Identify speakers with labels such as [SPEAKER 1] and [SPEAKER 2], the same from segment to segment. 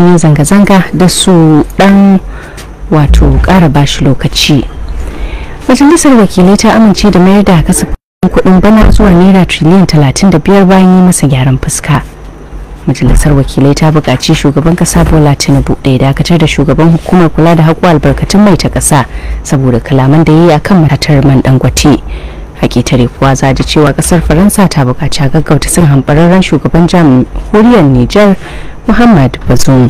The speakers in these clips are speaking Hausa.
[SPEAKER 1] sun yi zanga-zanga da su dan wato kara bashi lokaci majalisar wakilai ta amince da mayar da kasafin kudin bana zuwa naira triliyan 35 bayan yi masa gyaran fuska majalisar wakilai ta buƙaci shugaban kasa bola tinubu da ya dakatar da shugaban hukumar kula da haƙo albarkatun mai ta ƙasa saboda kalaman da ya yi akan matar man dangote hakitare kuwa za ji cewa ƙasar faransa ta buƙaci gaggauta sun hamɓararren shugaban jamhuriyar niger muhammad Bazoum.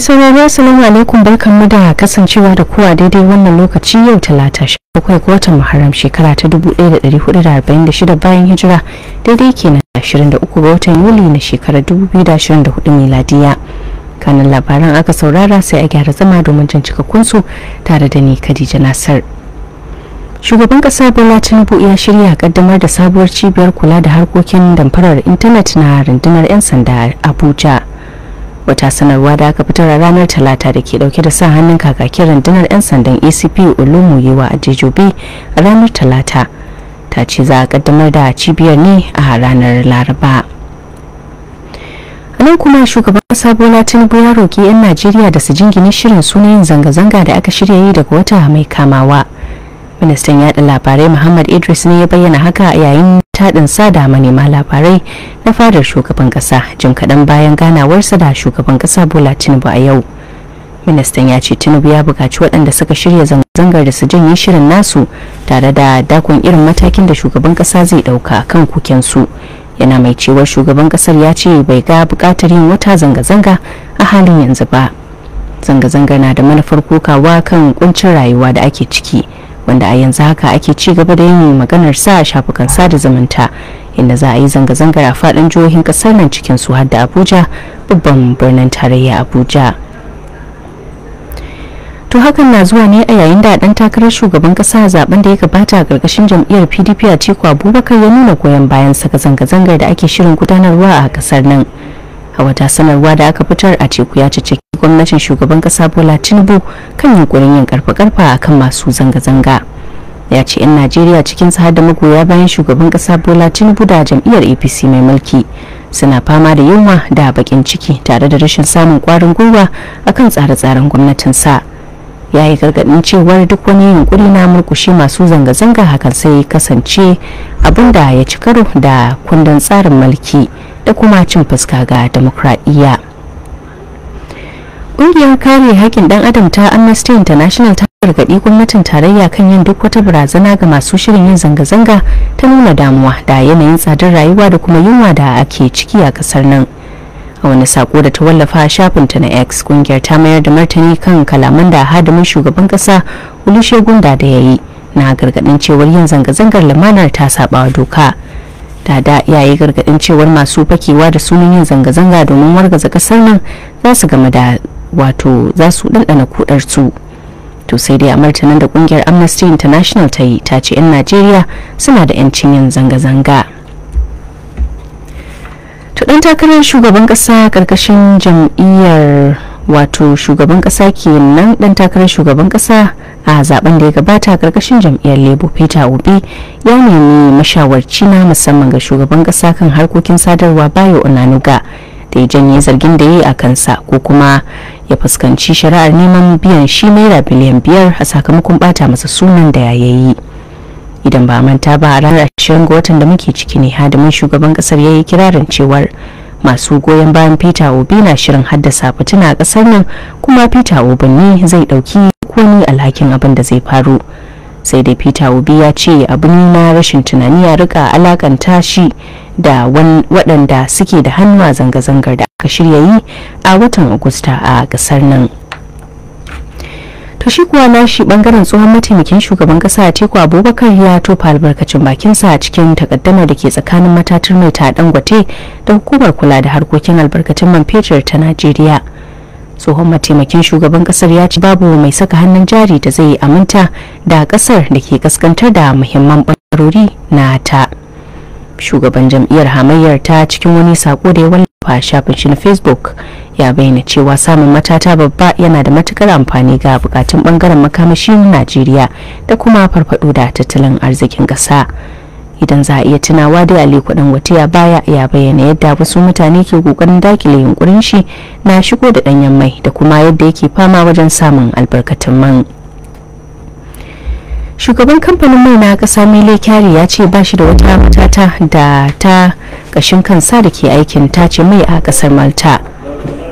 [SPEAKER 1] sauraro salamu alaikum barkanmu da kasancewa da kowa daidai wannan lokaci yau talata bakwai ga watan muharram shekara ta 1446 bayan hijira daidai kenan 23 ga watan yuli na shekarar 2024 miladiya kanin labaran aka saurara sai a gyara zama domin jin cikakkunsu tare da ni khadija nasar shugaban kasa bola tinubu ya shirya kaddamar da sabuwar cibiyar kula da harkokin damfarar intanet na rundunar 'yan sanda abuja wata sanarwa da aka fitar a ranar talata da ke dauke da sa hannun kakakin rundunar 'yan sandan acp olumuyiwa a jejobe a ranar talata ta ce za a kaddamar da cibiyar ne a ranar laraba nan kuma shugaban kasa bola tinubu ya roki 'yan najeriya da su jingine shirin sunayen zanga-zanga da aka shirya yi daga wata mai kamawa ministan yaɗa labarai muhammad idris ne ya bayyana haka a yayin taɗin sada manema labarai na fadar shugaban kasa jim kaɗan bayan ganawarsa da shugaban kasa bola tinubu a yau ministan ya ce tinubu ya buƙaci waɗanda suka shirya zanga-zangar da su janye shirin nasu tare da dakon irin matakin da shugaban kasa zai ɗauka kan kukensu su yana mai cewa shugaban kasar ya ce bai ga bukatar yin wata zanga-zanga a halin yanzu ba zanga-zanga na da manufar kokawa kan kuncin rayuwa da ake ciki wanda a yanzu haka ake ci gaba da yin maganar sa a shafukan sada zumunta inda za a yi zanga-zangar a faɗin jihohin ƙasar nan cikin su har da abuja babban birnin tarayya abuja to hakan na zuwa ne a yayin da dan takarar shugaban kasa a zaben da ya gabata a karkashin jam'iyyar pdp a ciko abubakar ya nuna goyon bayan saka zanga-zangar da ake shirin gudanarwa a kasar nan a wata sanarwa da aka fitar a teku ya cece gwamnatin shugaban kasa bola tinubu kan yunkurin yin karfa-karfa a kan masu zanga-zanga ya ce 'yan najeriya cikin har da magoya bayan shugaban kasa bola tinubu da jam'iyyar apc mai mulki suna fama da yunwa da bakin ciki tare da rashin samun kwarin gwiwa akan tsare-tsaren gwamnatin sa. ya yi gargadin cewar duk wani yunkuri na murkushe masu zanga-zanga hakan sai kasance abinda ya ci karo da kundin tsarin mulki da kuma cin fuska ga demokradiyya ƙungiyar kare haƙƙin dan adam ta amnesty international ta gargaɗi gwamnatin tarayya kan yin duk wata barazana ga masu shirin yin zanga-zanga ta nuna damuwa da yanayin tsadar rayuwa da kuma yunwa da ake ciki a ƙasar nan a wani sako da ta wallafa shafinta na x kungiyar ta mayar da martani kan kalaman da hadimin shugaban kasa olusegun da ya yi na gargadin cewar yin zanga-zangar lamanar ta saba doka dada ya yi gargadin cewar masu fakewa da sunan yin zanga-zanga domin wargaza kasar nan za su game da wato za su ɗanɗana kudar su to sai dai a martanin da kungiyar amnesty international ta yi ta ce 'yan najeriya suna da 'yancin yin zanga-zanga to dan takarar shugaban kasa karkashin jam'iyyar wato shugaban kasa kenan dan takarar shugaban kasa a zaben da ya gabata karkashin jam'iyyar labour peter obi ya nemi mashawarci na musamman ga shugaban kasa kan harkokin sadarwa bayo onanuga da ya janye zargin da ya yi a kansa ko kuma ya fuskanci shari'ar neman biyan shi naira biliyan biyar a sakamakon bata masa sunan da ya yi idan ba manta ba a ranar 20 ga watan da muke ciki ne hadimin shugaban kasar ya yi kirarin cewar masu goyon bayan peter obi na shirin haddasa fitina a kasar nan kuma peter obi ne zai dauki komi alhakin abin da zai faru sai dai peter obi ya ce abu ne na rashin tunani ya rika alakanta shi da waɗanda suke da hannu a zanga-zangar da aka shirya yi a watan agusta a kasar nan to shi kuwa na shi bangaren tsohon mataimakin shugaban kasa teku Abubakar ya tofa albarkacin bakinsa a cikin takaddamar da ke tsakanin matatar mai ta Dangote da hukumar kula da harkokin albarkacin man fetur ta Najeriya. tsohon mataimakin shugaban kasar ya ce babu mai saka hannun jari da zai aminta da kasar da ke kaskantar da muhimman bangarori na ta shugaban jam'iyyar hamayyar ta cikin wani sako da ya wallafa shafin shi na facebook ya bayyana cewa samun matata babba yana da matukar amfani ga bukatun bangaren makamashin najeriya da kuma farfado da tattalin arzikin ƙasa idan za a iya tunawa da kudin wata ya baya ya bayyana yadda wasu mutane ke kokarin dakile yunkurin shi na shigo da danyen mai da kuma yadda yake fama wajen samun albarkatun man shugaban kamfanin mai na kasa mele kyari ya ce ba shi da wata matata da ta kashin kansa da ke aikin tace mai a kasar malta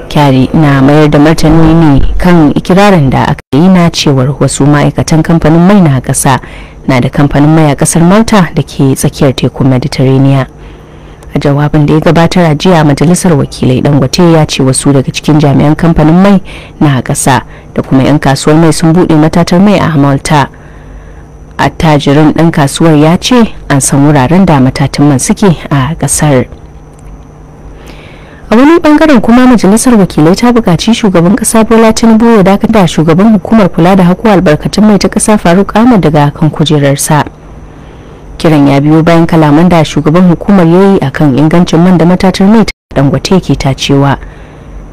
[SPEAKER 1] kyari na mayar da martani ne kan ikirarin da aka yi na cewar wasu ma'aikatan kamfanin mai na ƙasa na da kamfanin mai a ƙasar malta da ke tsakiyar tekun mediterranean a jawabin da ya gabatar a jiya majalisar wakilai dangote ya ce wasu daga cikin jami'an kamfanin mai na ƙasa da kuma 'yan kasuwar mai sun buɗe matatar mai a malta attajirin ɗan kasuwar ya ce an san wuraren da matatan man suke a ƙasar. a wani bangaren kuma majalisar wakilai ta bukaci shugaban ƙasa bola tinubu ya dakatar shugaban hukumar kula da haƙo albarkatun mai ta ƙasa faruk ahmad daga kan kujerarsa kiran ya biyo bayan kalaman da shugaban hukumar ya yi a kan ingancin man da matatar mai dangote ke tacewa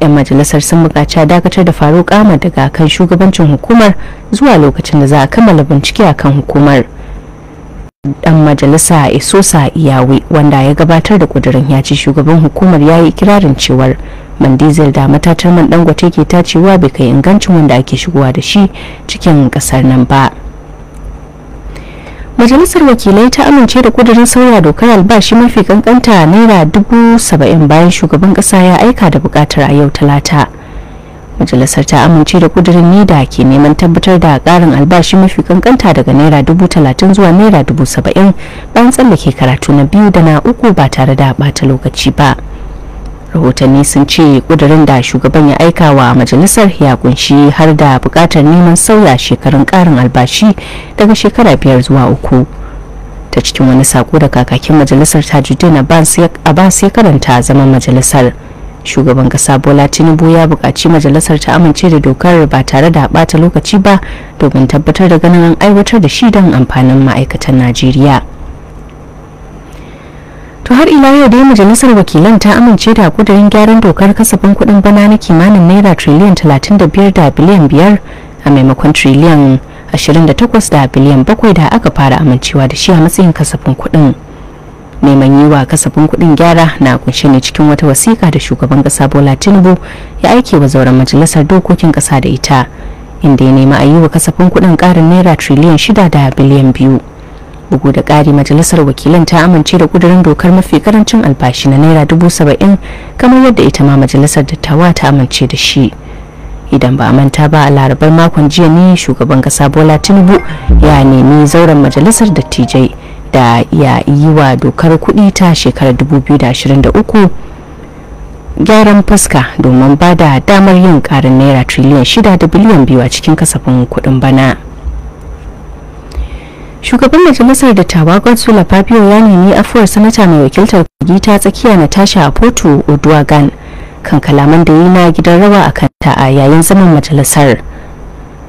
[SPEAKER 1] 'yan majalisar sun buƙaci dakatar da faruk ahmad daga kan shugabancin hukumar zuwa lokacin da za a kammala bincike a kan hukumar dan majalisa isosa iyawe wanda ya gabatar da kudirin ya ci shugaban hukumar ya yi ikirarin cewar man diesel da matatar man dangote ke tacewa bai kai ingancin wanda ake shigowa da shi cikin kasar nan ba majalisar wakilai ta amince da kudirin sauya dokar albashi mafi kankanta naira dubu saba'in bayan shugaban kasa ya aika da bukatar a yau talata majalisar ta amince da kudirin ne da ke neman tabbatar da karin albashi mafi kankanta daga naira dubu talatin zuwa naira dubu saba'in bayan tsallake karatu na biyu da na uku ba tare da bata lokaci ba rahotanni sun ce kudirin da shugaban ya aika wa majalisar ya kunshi har da bukatar neman sauya shekarun karin albashi daga shekara biyar zuwa uku ta cikin wani saƙo da kakakin majalisar a abbas ya karanta zaman majalisar shugaban kasa bola tinubu ya buƙaci majalisar ta amince da dokar ba tare da bata lokaci ba domin tabbatar da ganin an aiwatar da shi don amfanin ma'aikatan najeriya to har ila yau dai majalisar wakilan ta amince da kudirin gyaran dokar kasafin kuɗin bana na kimanin naira triliyan 35 da biliyan 5 a maimakon triliyan 28 da biliyan 7 da aka fara amincewa da shi a matsayin kasafin kuɗin. neman yi wa kasafin kuɗin gyara na kunshe ne cikin wata wasiƙa da shugaban ƙasa bola tinubu ya aike wa zauren majalisar dokokin ƙasa da ita inda ya nema a yi wa kasafin kuɗin ƙarin naira triliyan shida da biliyan biyu bugu da ƙari majalisar wakilan ta amince da ƙudurin dokar mafi karancin albashi na naira dubu saba'in kamar yadda ita ma majalisar dattawa ta amince da shi idan ba a manta ba a larabar makon jiya ne shugaban ƙasa bola tinubu ya nemi zauren majalisar dattijai da ya yi wa dokar kudi ta shekarar 2023 gyaran fuska domin ba da damar yin karin naira triliyan 6 da biliyan biyu a cikin kasafin kudin bana shugaban majalisar da dattawa godsula fabio ya nemi afuwar sanata mai wakiltar kogi ta tsakiya na tasha a porto o'duagan kan kalaman da yi na gidan rawa a kanta a yayin zaman majalisar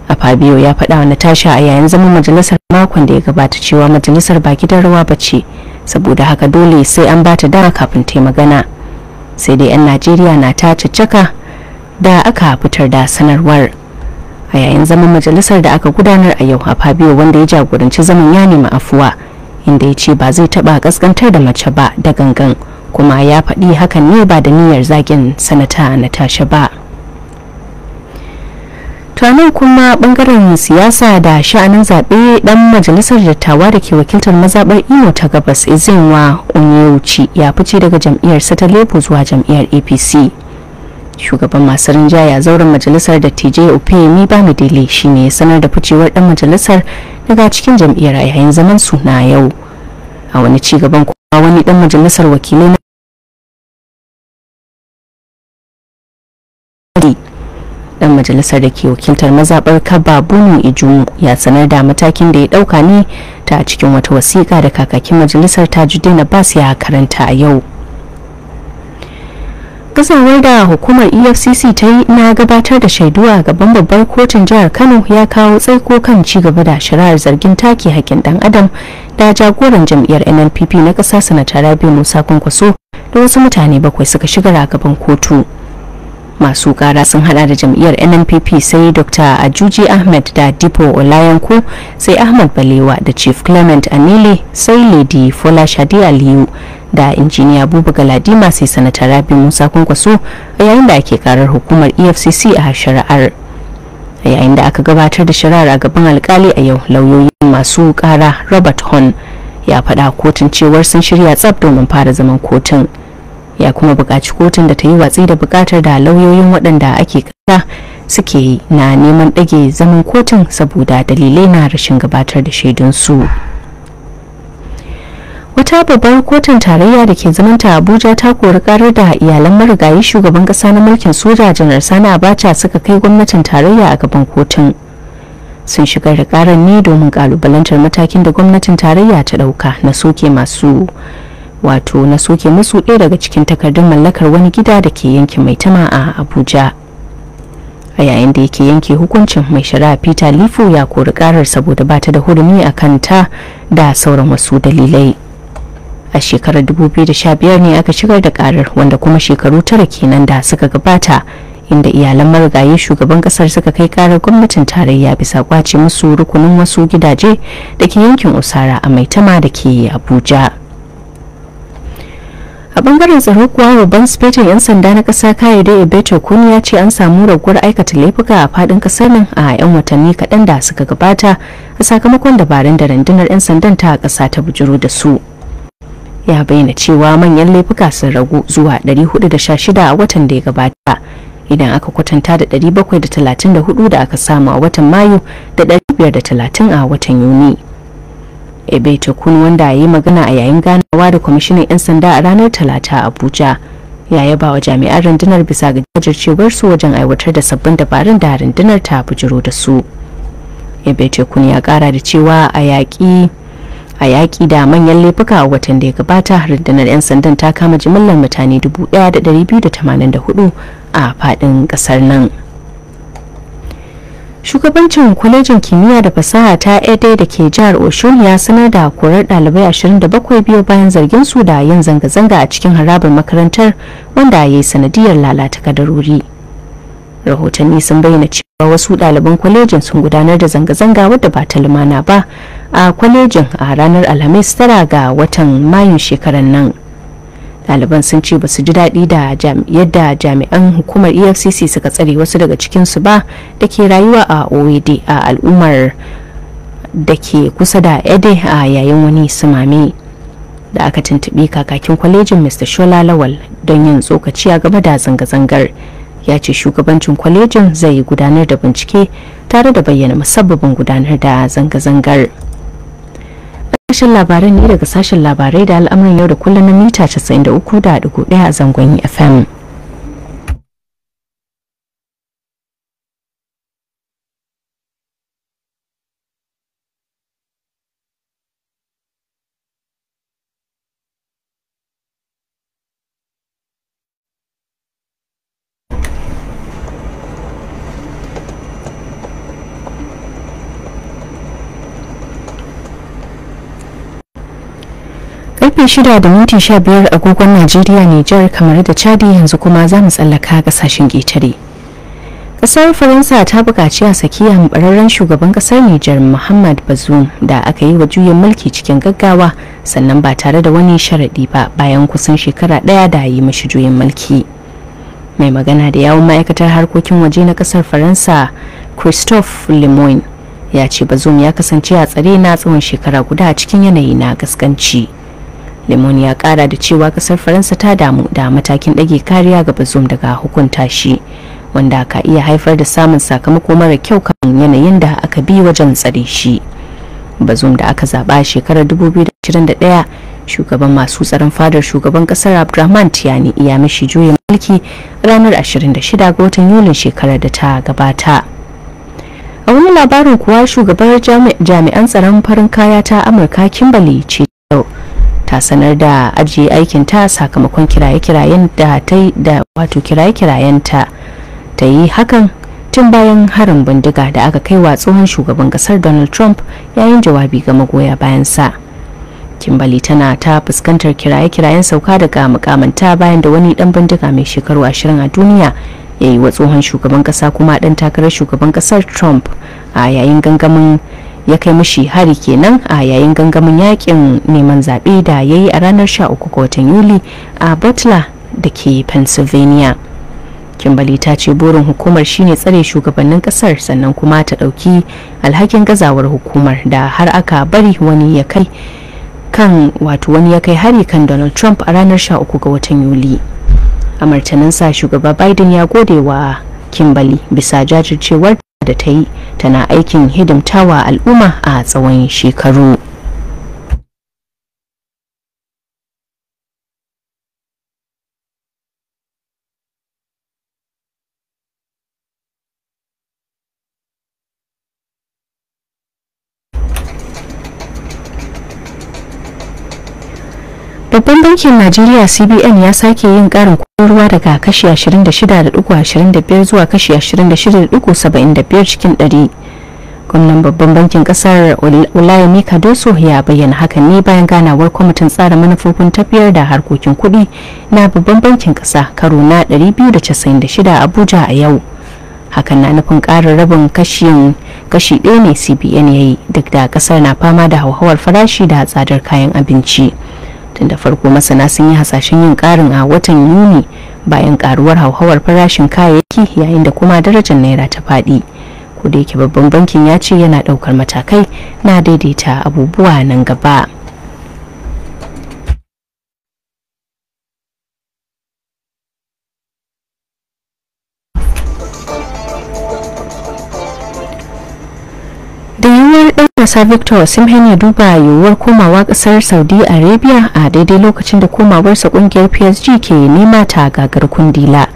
[SPEAKER 1] a fabio ya faɗa wa natasha a yayin zaman majalisar makon da ya gabata cewa majalisar ba gidan rawa ba ce saboda haka dole sai an bata dama kafin ta magana sai dai 'yan najeriya na ta caccaka da aka fitar da sanarwar a yayin zaman majalisar da aka gudanar a yau a fabio wanda ya jagoranci zaman ya nemi afuwa inda ya ce ba zai taba kaskantar da mace ba da gangan kuma ya faɗi hakan ne ba da niyyar zagin sanata na tasha ba. tunanin kuma bangaren siyasa da sha'anin zaɓe dan majalisar dattawa da ke wakiltar mazaɓar imo ta gabas izinwa onyewuci ya fice daga jam'iyyar ta lebo zuwa jam'iyyar apc shugaban masu rinjaya zauren majalisar da tj dattijai opemi dele shine ya sanar da ficewar dan majalisar daga cikin jam'iyyar a yayin zaman su na yau a wani ci gaban kuma wani dan majalisar wakilai na. majalisar da ke wakiltar mazaɓar kaba bunu ijumu ya sanar da matakin da ya dauka ne ta cikin wata wasiƙa da kakakin majalisar ta na bas ya karanta a yau gazawar da hukumar efcc ta yi na gabatar da shaidu a gaban babbar kotun jihar kano ya kawo tsaiko kan ci gaba da shari'ar zargin take hakkin dan adam da jagoran jam'iyyar nnpp na ƙasa sanata rabi musa kwankwaso da wasu mutane bakwai suka shigar a gaban kotu masu kara sun hada da jam'iyyar nnpp sai dr ajuji ahmed da dipo olayanku sai ahmed balewa da chief clement anile sai lady fola shadi aliyu da injiniya abubu galadima sai sanata rabi musa kwankwaso a yayin da ake karar hukumar efcc a shari'ar a yayin da aka gabatar da shari'ar a gaban alkali a yau lauyoyin masu kara robert horn ya faɗa kotun cewar sun shirya tsab domin fara zaman kotun. ya kuma bukaci kotun da ta yi watsi da bukatar da lauyoyin waɗanda ake kasa suke na neman ɗage zaman kotun saboda dalilai na rashin gabatar da shaidunsu wata babbar kotun tarayya da ke zamanta abuja ta kori karar da iyalan marigayi shugaban ƙasa na mulkin soja janar sani abacha suka kai gwamnatin tarayya a gaban kotun sun shigar da karar ne domin kalubalantar matakin da gwamnatin tarayya ta ɗauka na soke masu wato na soke musu ɗaya daga cikin takardun mallakar wani gida da ke yanki mai tama a abuja a yayin da yake yanke hukuncin mai shari'a peter lifu ya kori karar saboda ba ta da hurumi a kanta da sauran wasu dalilai a shekarar 2015 ne aka shigar da karar wanda kuma shekaru tara kenan da suka gabata inda iyalan marigayi shugaban kasar suka kai karar gwamnatin tarayya bisa kwace musu rukunin wasu gidaje da ke yankin usara a maitama da ke abuja a bangaren tsaro kuwa babban sifetin 'yan sanda na kasa da ibeto kun ya ce an samu raguwar aikata laifuka a fadin kasar nan a 'yan watanni kaɗan da suka gabata a sakamakon dabarun da rundunar 'yan sandan ta kasa ta bujuro da su ya bayyana cewa manyan laifuka sun ragu zuwa 416 a watan da ya gabata idan aka kwatanta da 734 da aka samu a watan mayu da 530 a watan yuni ebe tekun wanda ya yi magana a yayin ganawa da kwamishinan 'yan sanda a ranar talata a abuja ya yaba wa jami'an rundunar bisa ga jajircewar su wajen aiwatar da sabbin dabarun da rundunar ta bujiro da su ebe tekun ya kara da cewa a yaƙi a yaƙi da manyan laifuka a watan da ya gabata rundunar 'yan sandan ta kama jimillar mutane 1284 a faɗin ƙasar nan. shugabancin kwalejin kimiyya da fasaha ta ɗaya da ke jihar oshun ya sanar da korar dalibai 27 biyu bayan zargin su da yin zanga-zanga a cikin harabar makarantar wanda ya yi sanadiyar lalata kadarori rahotanni sun bayyana cewa wasu ɗaliban kwalejin sun gudanar da zanga-zanga wadda ba ta lumana ba a kwalejin a ranar alhamis tara ga watan mayun shekarar nan ɗaliban sun ce ba su ji daɗi da yadda jami'an hukumar efcc suka tsare wasu daga cikinsu ba da ke rayuwa a oed a al'ummar da ke kusa da ede a yayin wani sumame da aka tuntuɓi kakakin kwalejin mr shola lawal don yin tsokaci a gaba da zanga-zangar ya ce shugabancin kwalejin zai gudanar da bincike tare da bayyana musabbabin gudanar da zanga-zangar Sashen labarai ne daga sashen labarai da al'amuran yau da kullum na mita 93.1 a zangon e FM. karfe shida da minti 15 agogon Najeriya Nijar kamar da Chadi yanzu kuma za mu tsallaka kasashen ƙetare. Kasar Faransa ta buƙaci a saki bararren shugaban kasar Nijar Muhammad Bazoum da aka yi wa juyin mulki cikin gaggawa sannan ba tare da wani sharaɗi ba bayan kusan shekara ɗaya da yi mashi juyin mulki. Mai magana da yawon ma'aikatar harkokin waje na kasar Faransa Christophe lemoine ya ce Bazoum ya kasance a tsare na tsawon shekara guda cikin yanayi na gaskanci. lemon ya kara da cewa kasar faransa ta damu da matakin dage kariya ga bazum daga hukunta shi wanda ka iya haifar da samun sakamako mara kyau kan yanayin da aka bi wajen tsare shi bazum da aka zaba shekarar 2021 shugaban masu tsaron fadar shugaban kasar abdurrahman tiyani iya mashi juyin mulki ranar 26 ga watan yulin shekarar da ta gabata a wani labarin kuwa shugabar jami'an tsaron farin kaya ta amurka kimberly ce ta sanar da ajiye ta sakamakon kiraye-kirayen da ta yi da wato kiraye-kirayenta ta yi hakan tun bayan harin bindiga da aka kai wa tsohon shugaban kasar donald trump yayin jawabi ga magoya bayansa kimbali tana ta fuskantar kiraye-kirayen sauka daga mukamanta bayan da wani dan bindiga mai shekaru ashirin a duniya ya yi wa tsohon shugaban kasa kuma dan takarar shugaban kasar trump a yayin gangamin ya kai mishi hari kenan a yayin gangamin yakin neman zaɓe da ya yi a ranar 13 ga watan yuli a butler da ke pennsylvania kimbali ta ce burin hukumar shine tsare shugabannin kasar sannan kuma ta ɗauki alhakin gazawar hukumar da har aka bari wani ya kai kan wato wani ya kai hari kan donald trump a ranar 13 ga watan yuli a martaninsa shugaba biden ya gode wa kimbali bisa jajircewar da ta yi tana aikin hidimtawa al'umma a tsawon shekaru babban bankin najeriya cbn ya sake yin karin ruwa daga kashi 26.25 zuwa kashi 26.75 cikin 100 gwamnan babban bankin kasar mika doso ya bayyana hakan ne bayan ganawar kwamitin tsara manufofin tafiyar da harkokin kudi na babban bankin kasa karo na 296 abuja a yau hakan na nufin karin rabin kashin kashi ɗaya ne cbn ya yi duk da kasar na fama da hauhawar farashi da tsadar kayan abinci. tun da farko masana sun yi hasashen yin karin a watan yuni bayan karuwar hauhawar farashin kayayyaki yayin da kuma darajar naira ta faɗi ko da yake babban bankin ya ce yana ɗaukar matakai na daidaita abubuwa nan gaba matasa victor osimhen ya duba yiwuwar komawa kasar saudi arabia a daidai lokacin da komawarsa kungiyar psg ke nema ta gagar kundila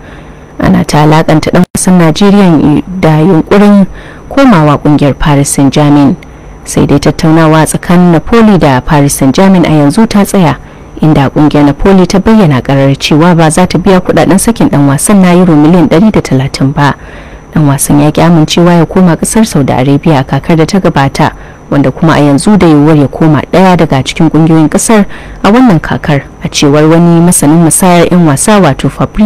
[SPEAKER 1] ana ta alakanta dan wasan najeriya da yunkurin komawa kungiyar paris saint germain sai dai tattaunawa tsakanin napoli da paris saint germain a yanzu ta tsaya inda kungiyar napoli ta bayyana karar cewa ba za ta biya kudaden sakin dan wasan na euro miliyan 130 ba dan wasan ya ki amincewa ya koma kasar saudi arabia kakar da ta gabata wanda kuma a yanzu da yiwuwar ya koma ɗaya daga cikin ƙungiyoyin ƙasar a wannan kakar a cewar wani masanin masayar 'yan wasa wato fabri